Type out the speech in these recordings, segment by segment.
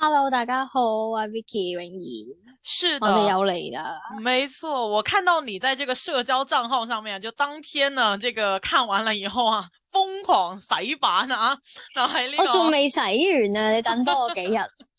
hello，大家好啊，Vicky，永怡，我哋又嚟啦，沒錯，我看到你在這個社交賬號上面，就當天呢，這個看完了以後啊，瘋狂洗版啊，喺呢度我仲未洗完啊，你等多我幾日。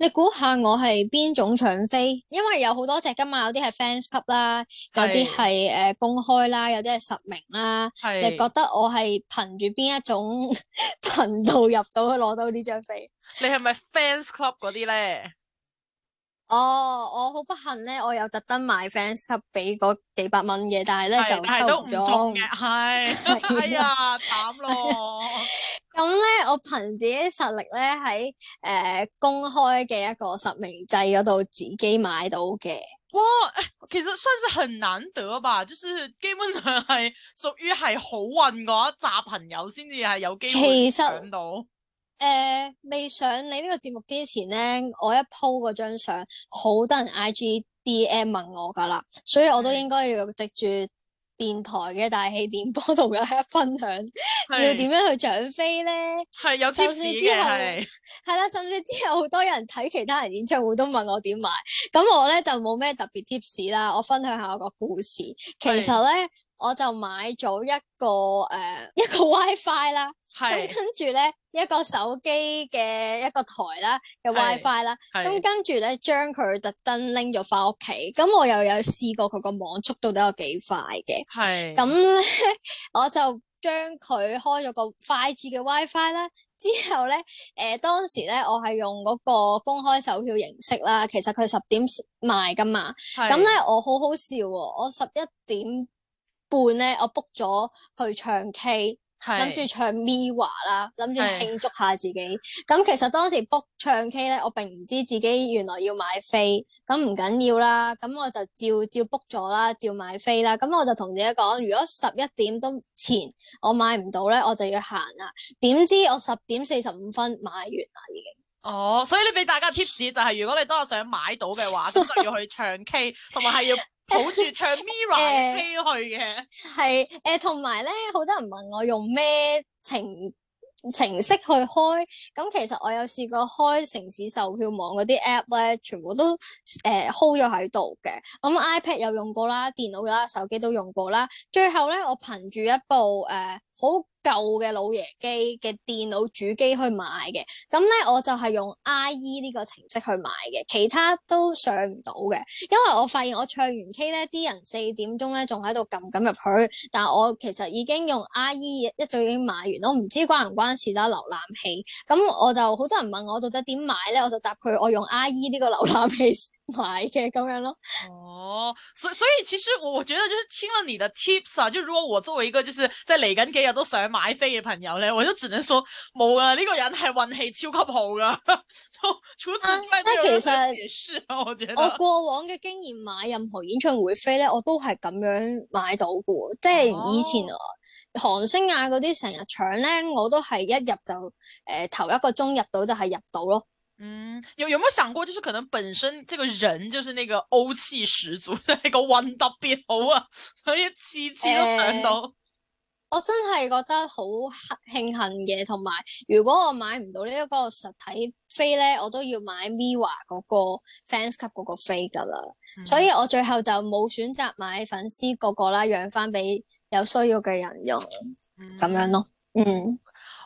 你估下我係邊種搶飛？因為有好多隻噶嘛，有啲係 fans club 啦，有啲係誒公開啦，有啲係實名啦。你覺得我係憑住邊一種頻 道入到去攞到呢張飛？你係咪 fans club 嗰啲咧？哦、oh，我好不幸咧，我有特登買 fans Cup 俾嗰幾百蚊嘅，但係咧就抽唔中嘅。係係啊，慘咯！咁 咧、 哎， 我憑自己實力咧喺誒公開嘅一個實名制嗰度自己買到嘅。哇，其實雖然係很難得吧，就是基本上係屬於係好運嗰一紮朋友先至係有機會搶到。其實誒、呃，未上你呢個節目之前咧，我一鋪嗰張相，好多人 I G D M 問我噶啦，所以我都應該要藉住電台嘅大氣電波同大家一分享，要點樣去搶飛咧？係有 tips 嘅係啦，甚至之後好多人睇其他人演唱會都問我點買，咁我咧就冇咩特別 tips 啦，我分享下我個故事，其實咧。我就買咗一個誒、呃、一個 WiFi 啦，咁跟住咧一個手機嘅一個台啦嘅 WiFi 啦，咁跟住咧將佢特登拎咗返屋企，咁我又有試過佢個網速到底有幾快嘅，咁咧我就將佢開咗個快捷嘅 WiFi 啦，之後咧誒、呃、當時咧我係用嗰個公開售票形式啦，其實佢十點賣噶嘛，咁咧我好好笑喎、哦，我十一點。半咧，我 book 咗去唱 K，諗住唱 MIRROR 啦，諗住慶祝下自己。咁其實當時 book 唱 K 咧，我並唔知自己原來要買飛，咁唔緊要啦。咁我就照照 book 咗啦，照買飛啦。咁我就同自己講，如果十一點都前我買唔到咧，我就要行啦。點知我十點四十五分買完啦已經。哦，所以你俾大家 tips 就係，如果你當我想買到嘅話，咁 就要去唱 K，同埋係要。 好似唱 Mirror 飛去嘅，係、嗯、誒，同埋咧，好、嗯、多人問我用咩程程式去開，咁其實我有試過開城市售票網嗰啲 app 咧，全部都誒 hold 咗喺度嘅。咁、呃嗯、iPad 有用過啦，電腦啦，手機都用過啦。最後咧，我憑住一部誒好。呃舊嘅老爺機嘅電腦主機去買嘅，咁咧我就係用 IE 呢個程式去買嘅，其他都上唔到嘅，因為我發現我唱完 K 咧，啲人四點鐘咧仲喺度撳緊入去，但係我其實已經用 IE 一早已經買完，我唔知關唔關事啦，瀏覽器，咁我就好多人問我到底點買咧，我就答佢我用 IE 呢個瀏覽器。買嘅咁樣咯，哦，所以所以其實我我覺得就是聽咗你嘅 tips 啊，就如果我作為一個就是嚟緊幾日都想買飛嘅朋友咧，我都只能說冇啊呢、這個人係運氣超級好噶，就 除此之外都冇得解釋啊。我覺得我過往嘅經驗買任何演唱會飛咧，我都係咁樣買到嘅，即、就、係、是、以前韓、哦、星啊嗰啲成日搶咧，我都係一入就誒、呃、頭一個鐘入到就係入到咯。嗯，有有沒有想過？就是可能本身這個人就是那個歐氣十足，即係個運特別好啊，所以次次都搶到、呃。我真係覺得好慶幸嘅，同埋如果我買唔到呢一個實體飛咧，我都要買 m 咪華嗰個 fans 級嗰個飛噶啦，所以我最後就冇選擇買粉絲個個啦，養翻俾有需要嘅人用咁、嗯、樣咯，嗯。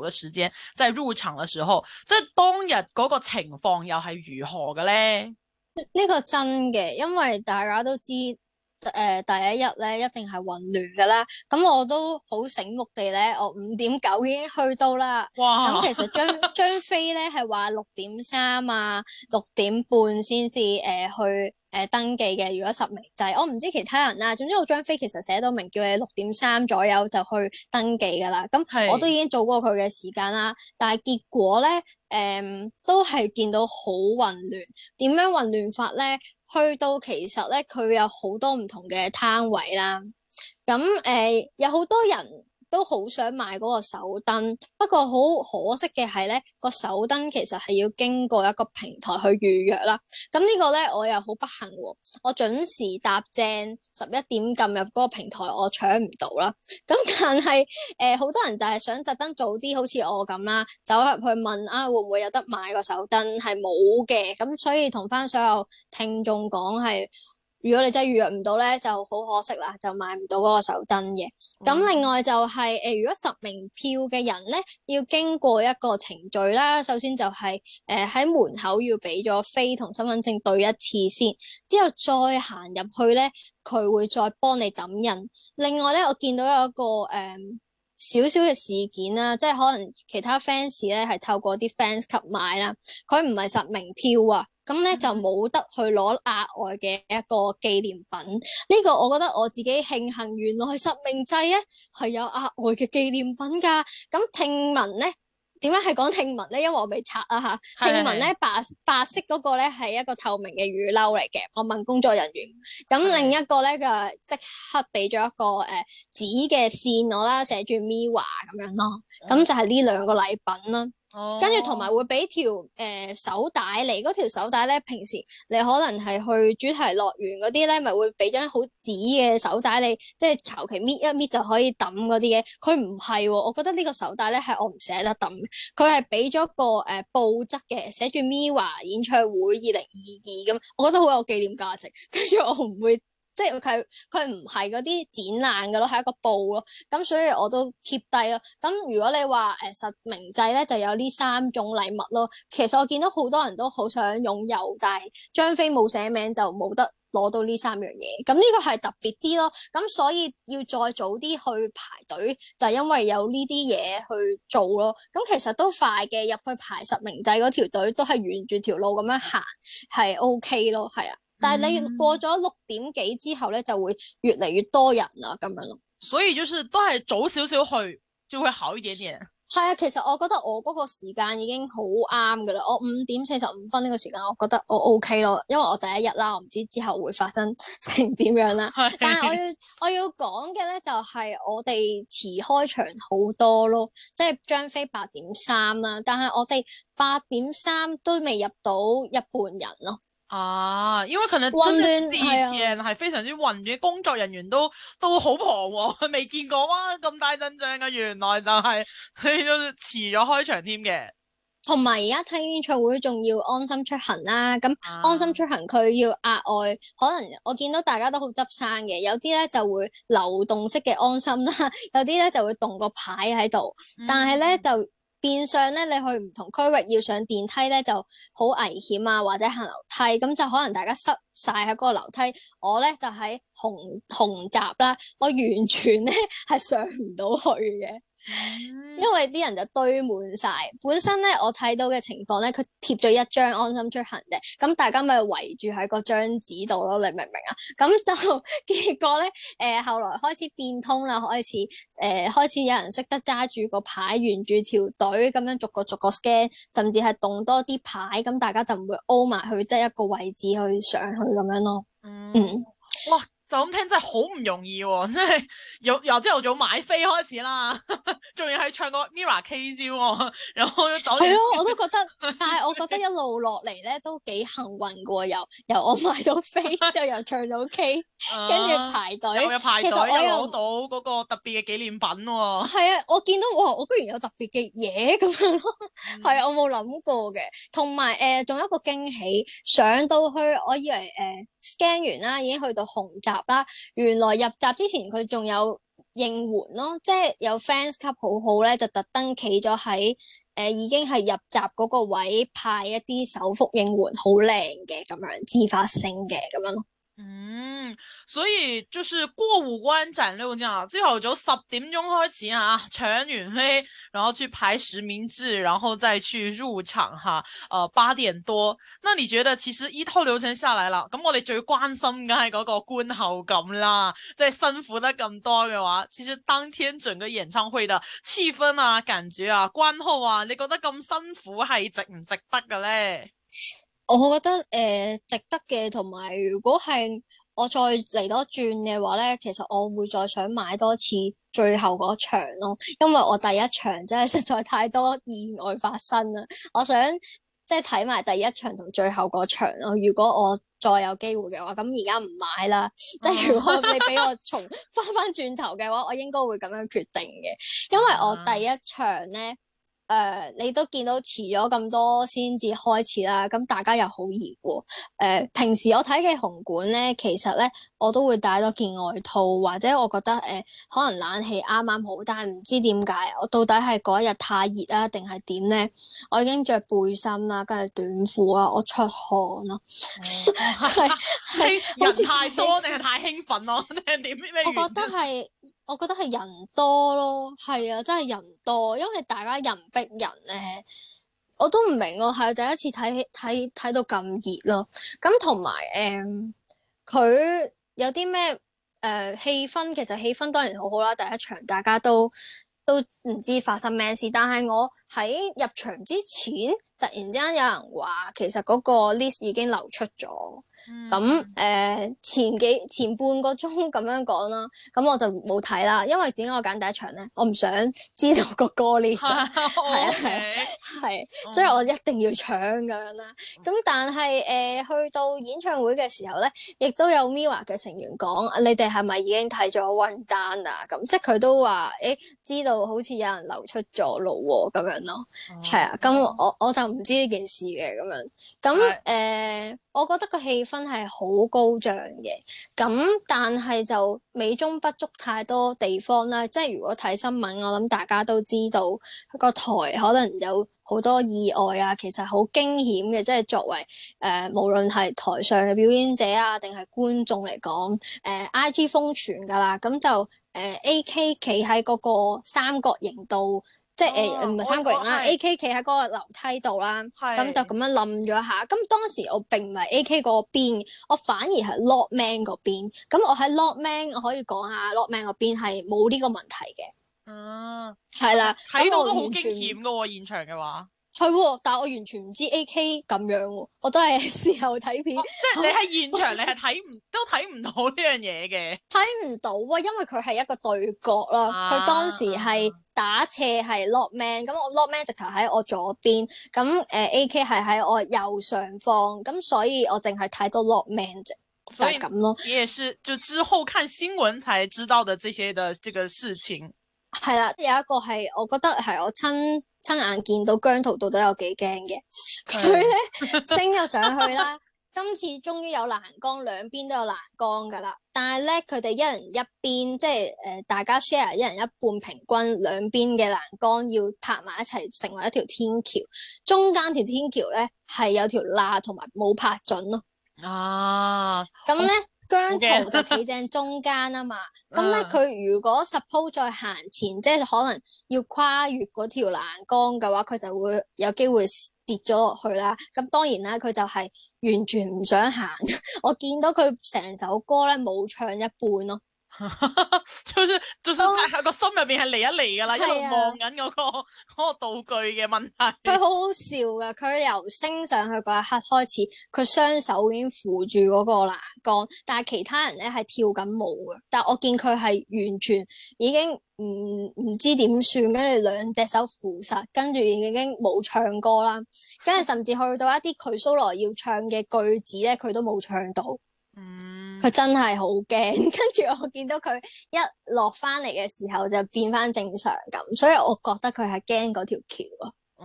嘅時間在、係、入場嘅時候，即、即、係、係、當日嗰個情況又係如何嘅咧？呢、呢個真嘅，因為大家都知道，誒、呃、第一日咧一定係混亂噶啦。咁我都好醒目地咧，我五點九已經去到啦。哇！咁其實張張飛咧係話六點三啊，六點半先至誒去。誒、呃、登記嘅，如果實名制，就係、我唔知其他人啦、啊。總之我張飛其實寫到明，叫你六點三左右就去登記㗎啦。咁、嗯、我都已經做過佢嘅時間啦。但係結果咧，誒、嗯、都係見到好混亂。點樣混亂法咧？去到其實咧，佢有好多唔同嘅攤位啦。咁、嗯、誒、呃、有好多人。都好想買嗰個手燈，不過好可惜嘅係咧，個手燈其實係要經過一個平台去預約啦。咁呢個咧，我又好不幸喎、哦，我準時搭正十一點撳入嗰個平台，我搶唔到啦。咁但係呃、好多人就係想特登早啲，好似我咁啦，走入去問啊，會唔會有得買個手燈？係冇嘅。咁所以同翻所有聽眾講係。如果你真係預約唔到咧，就好可惜啦，就買唔到嗰個手燈嘅。咁、嗯、另外就係、是呃、如果實名票嘅人咧，要經過一個程序啦。首先就係誒喺門口要俾咗飛同身份證對一次先，之後再行入去咧，佢會再幫你揼印。另外咧，我見到有一個誒、呃、小小嘅事件啦，即係可能其他 fans 咧係透過啲 fans 級買啦，佢唔係實名票啊。咁咧就冇得去攞額外嘅一個紀念品，呢、這個我覺得我自己慶幸，原來實名制咧係有額外嘅紀念品噶。咁聽聞咧點樣係講聽聞咧，因為我未拆啊嚇。聽聞咧白白色嗰個咧係一個透明嘅雨褸嚟嘅，我問工作人員。咁另一個咧就即刻俾咗一個誒紙嘅線我啦，寫住 MIRROR 咁樣咯。咁就係呢兩個禮品啦。Oh. 跟住同埋會俾條誒、呃、手帶你。嗰條手帶咧平時你可能係去主題樂園嗰啲咧，咪會俾張好紙嘅手帶你，即係求其搣一搣就可以抌嗰啲嘅，佢唔係，我覺得呢個手帶咧係我唔捨得抌，佢係俾咗個誒、呃、布質嘅，寫住 MIRROR 演唱會二零二二咁，我覺得好有紀念價值。跟住我唔會。即係佢佢唔係嗰啲展覽嘅咯，係一個布咯。咁所以我都 keep 低咯。咁如果你話誒實名制咧，就有呢三種禮物咯。其實我見到好多人都好想擁有，但係張飛冇寫名就冇得攞到呢三樣嘢。咁呢個係特別啲咯。咁所以要再早啲去排隊，就係因為有呢啲嘢去做咯。咁其實都快嘅，入去排實名制嗰條隊都係沿住條路咁樣行，係 OK 咯。係啊。但係你過咗六點幾之後咧，就會越嚟越多人啊，咁樣咯。所以就是都係早少少去就會好一點點。係啊，其實我覺得我嗰個時間已經好啱噶啦。我五點四十五分呢個時間，我覺得我 OK 咯，因為我第一日啦，我唔知之後會發生成點樣啦。 但係我要我要講嘅咧，就係我哋遲開場好多咯，即係張飛八點三啦，但係我哋八點三都未入到一半人咯。啊，因為佢哋真啲人係非常之混亂嘅，工作人員都都好彷徨，未見過哇咁大陣仗嘅，原來就係、是、佢都遲咗開場添嘅。同埋而家睇演唱會仲要安心出行啦，咁安心出行佢要額外，啊、可能我見到大家都好執生嘅，有啲咧就會流動式嘅安心啦，有啲咧就會棟個牌喺度、嗯，但係咧就。變相咧，你去唔同區域要上電梯咧，就好危險啊！或者行樓梯咁，就可能大家塞晒喺嗰個樓梯。我咧就喺紅紅閘啦，我完全咧係上唔到去嘅。因為啲人就堆滿晒，本身咧我睇到嘅情況咧，佢貼咗一張安心出行嘅。咁大家咪圍住喺個張紙度咯，你明唔明啊？咁就結果咧，誒、呃、後來開始變通啦，開始誒、呃、開始有人識得揸住個牌，沿住條隊咁樣逐個逐個 scan，甚至係動多啲牌，咁大家就唔會 O 埋去得一個位置去上去咁樣咯。嗯。哇！就咁聽真係好唔容易喎、哦，真係由由朝頭早買飛開始啦，仲要係唱個 Mirror K 先、哦，然後走係咯、啊，我都覺得， 但係我覺得一路落嚟咧都幾幸運過喎，又由我買到飛，就 又，又唱到 K，跟、啊、住排隊，又有排隊攞到嗰個特別嘅紀念品喎。係啊，我見到哇，我居然有特別嘅嘢咁樣咯，係、嗯、啊，我冇諗過嘅，同埋誒仲有一個驚喜，上到去我以為誒。呃 scan 完啦，已經去到紅閘啦。原來入閘之前佢仲有應援咯，即係有 fans club 好好咧，就特登企咗喺已經係入閘嗰個位派一啲手幅應援，好靚嘅咁樣，自發性嘅咁樣。嗯，所以就是過五關斬六將啊，朝頭早十點鐘開始啊，搶完黑然後去排實名制，然後再去入場哈、啊。呃，八點多，那你覺得其實一套流程下來了，咁我哋最關心嘅係嗰個觀後感啦，即、就、係、是、辛苦得咁多嘅話，其實當天整個演唱會的氣氛啊，感覺啊，觀後啊，你覺得咁辛苦係值唔值得嘅咧？我覺得誒、呃、值得嘅，同埋如果係我再嚟多轉嘅話咧，其實我會再想買多次最後嗰場咯，因為我第一場真係實在太多意外發生啦。我想即係睇埋第一場同最後嗰場咯。如果我再有機會嘅話，咁而家唔買啦。即、啊、係如果你俾我重翻翻轉頭嘅話，我應該會咁樣決定嘅，因為我第一場咧。誒、uh,，你都見到遲咗咁多先至開始啦，咁大家又好熱喎。誒、uh,，平時我睇嘅紅館咧，其實咧我都會帶多件外套，或者我覺得誒，uh, 可能冷氣啱啱好，但係唔知點解，我到底係嗰一日太熱啦，定係點咧？我已經着背心啦，跟住短褲啊，我出汗咯，係、 就是、 人太多定係太興奮咯？你點咩原因？我覺得係。我覺得係人多咯，係啊，真係人多，因為大家人逼人咧，我都唔明喎，係第一次睇睇睇到咁熱咯。咁同埋，誒、嗯，佢有啲咩誒氣氛？其實氣氛當然好好啦，第一場大家都都唔知發生咩事，但係我喺入場之前，突然之間有人話，其實嗰個 list 已經流出咗。咁、嗯、誒、呃，前幾前半個鐘咁樣講啦，咁我就冇睇啦，因為點解我揀第一場咧？我唔想知道個歌 list 係係係，所以我一定要搶咁樣啦。咁但係誒、呃，去到演唱會嘅時候咧，亦都有 MIRROR 嘅成員講，你哋係咪已經睇咗 rundown 啊？咁即係佢都話誒、欸，知道好似有人流出咗路咁、啊、樣咯，係、嗯、啊。咁我我就唔知呢件事嘅咁樣。咁誒、呃，我覺得個氣氛。真係好高漲嘅，咁但係就美中不足太多地方啦。即係如果睇新聞，我諗大家都知道，個台可能有好多意外啊，其實好驚險嘅。即係作為誒、呃，無論係台上嘅表演者啊，定係觀眾嚟講，誒、呃、IG 封存噶啦。咁就誒、呃、AK 企喺嗰個三角形度。即係誒唔係三個人啦，A.K. 企喺嗰個樓梯度啦，咁就咁樣冧咗下。咁當時我並唔係 A.K. 嗰邊，我反而係 lock man 嗰邊。咁我喺 lock man，我可以講下 lock man 嗰邊係冇呢個問題嘅。啊，係啦，睇到都好驚險噶喎，啊，現場嘅話。係，但係我完全唔知 A K 咁樣，我都係事後睇片。即、啊、係你喺現場你，你係睇唔都睇唔到呢樣嘢嘅。睇唔到啊，因為佢係一個對角啦。佢、啊、當時係打斜係 Lockman，咁、啊、我 Lockman 直頭喺我左邊，咁誒 A K 係喺我右上方，咁所以我淨係睇到 Lockman 啫就咁咯。你也是就之後看新聞才知道的這些的這個事情。係啦，有一個係我覺得係我親。親眼見到姜濤到底有幾驚嘅，佢咧 升咗上去啦。 今次終於有欄杆，兩邊都有欄杆噶啦。但係咧，佢哋一人一邊，即係誒、呃，大家 share 一人一半，平均兩邊嘅欄杆要拍埋一齊，成為一條天橋。中間條天橋咧係有條罅，同埋冇拍準咯。啊，咁咧。姜濤就企正中間啊嘛，咁咧佢如果 suppose 再行前，即係可能要跨越嗰條欄杆嘅話，佢就會有機會跌咗落去啦。咁當然啦，佢就係完全唔想行。我見到佢成首歌咧冇唱一半咯，哦。 就算就算個心入邊係嚟，一嚟噶啦，一路望緊嗰個、啊嗰個道具嘅問題。佢好好笑噶，佢由升上去嗰一刻開始，佢雙手已經扶住嗰個欄杆，但係其他人咧係跳緊舞嘅。但我見佢係完全已經唔唔知點算，跟住兩隻手扶實，跟住已經冇唱歌啦，跟住甚至去到一啲佢 solo 要唱嘅句子咧，佢都冇唱到。嗯。佢真係好驚，跟住我見到佢一落返嚟嘅時候就變返正常咁，所以我覺得佢係驚嗰條橋啊。哦、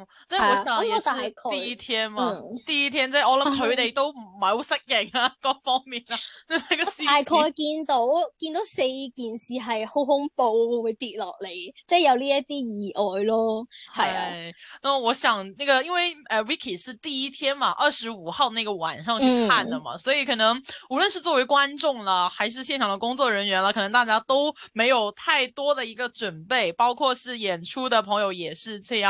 嗯，即係我大概，第一天嘛，啊嗯、第一天即係、就是、我諗佢哋都唔係好適應啊、嗯，各方面啊。大概見到 見到四件事係好恐怖會，會跌落嚟，即係有呢一啲意外咯。係啊，咁我想呢個因為誒 Vicky、呃、是第一天嘛，二十五號那個晚上去看的嘛、嗯，所以可能無論是作為觀眾啦，還是現場的工作人員啦，可能大家都沒有太多的一個準備，包括是演出的朋友也是這樣。